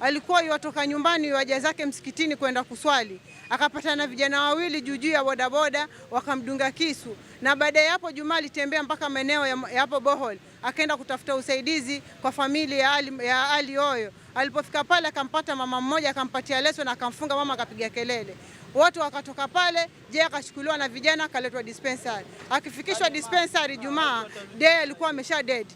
Alikuwa iwatoka nyumbani waja zake msikitini kwenda kuswali, akapata na vijana wawili juujuu ya bodaboda, wakamdunga kisu, na baada ya hapo Juma alitembea mpaka maeneo ya hapo Bohol, akaenda kutafuta usaidizi kwa familia ya Ali, ya Ali Oyo. Alipofika pale akampata mama mmoja, akampatia leso na akamfunga mama, akapiga kelele watu wakatoka pale. Je, akachukuliwa na vijana akaletwa dispensary. Akifikishwa dispensary Jumaa, Day alikuwa amesha dead.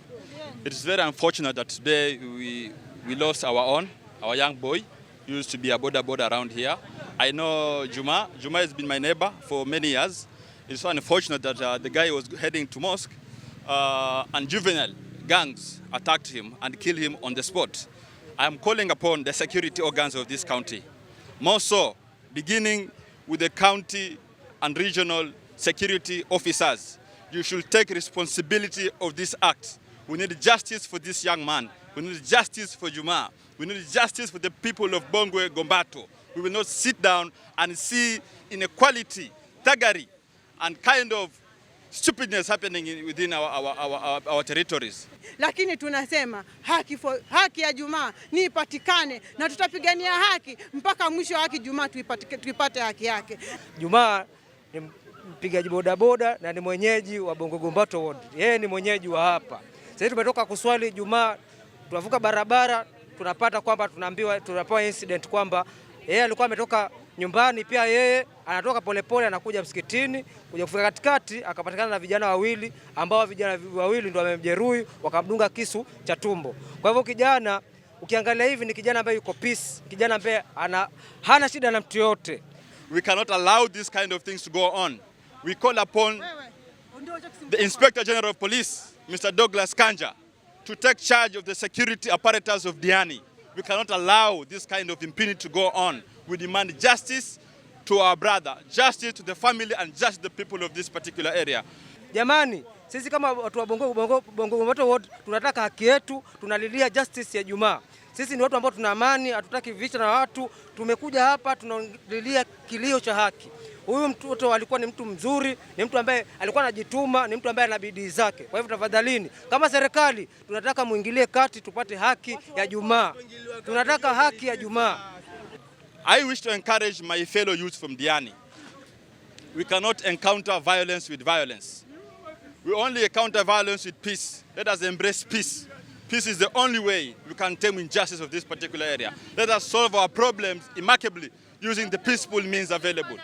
It is very unfortunate that today we, we lost our own, our young boy he used to be a boda boda around here. I know Juma. Juma has been my neighbor for many years. It's so unfortunate that uh, the guy was heading to mosque uh, and juvenile gangs attacked him and killed him on the spot. I am calling upon the security organs of this county. More so, beginning with the county and regional security officers. You should take responsibility of this act. We need justice for this young man. We need justice for Juma. We need justice for the people of Bongwe Gombato. We will not sit down and see inequality, thuggery, and kind of stupidness happening within our, our, our, our territories. Lakini tunasema haki for, haki ya Jumaa ni ipatikane na tutapigania haki mpaka mwisho wa haki Jumaa tuipate, tuipate haki yake. Jumaa ni mpigaji bodaboda na ni mwenyeji wa Bongo Gombato Ward. Yeye ni mwenyeji wa hapa. Sasa tumetoka kuswali Jumaa, tunavuka barabara tunapata kwamba tunaambiwa tunapewa incident kwamba yeye alikuwa ametoka nyumbani pia yeye anatoka polepole anakuja msikitini kuja kufika katikati, akapatikana na vijana wawili ambao vijana wawili ndio wamemjeruhi wakamdunga kisu cha tumbo. Kwa hivyo kijana, ukiangalia hivi ni kijana ambaye yuko peace, kijana ambaye ana hana shida na mtu yote. We cannot allow this kind of things to go on. We call upon the Inspector General of Police, Mr. Douglas Kanja, to take charge of the security apparatus of Diani. We cannot allow this kind of impunity to go on we demand justice to our brother, justice to the family and justice to the people of this particular area. Jamani, sisi kama watu wa Bongo Bongo Bongo wote tunataka haki yetu, tunalilia justice ya Jumaa. Sisi ni watu ambao tuna amani, hatutaki vita na watu. Tumekuja hapa tunalilia kilio cha haki. Huyu mtoto alikuwa ni mtu mzuri, ni mtu ambaye alikuwa anajituma, ni mtu ambaye ana bidii zake. Kwa hivyo tafadhalini, kama serikali tunataka muingilie kati, tupate haki ya Jumaa, tunataka haki ya Jumaa. I wish to encourage my fellow youth from Diani. We cannot encounter violence with violence. We only encounter violence with peace. Let us embrace peace. Peace is the only way we can tame injustice of this particular area. Let us solve our problems immaculately using the peaceful means available.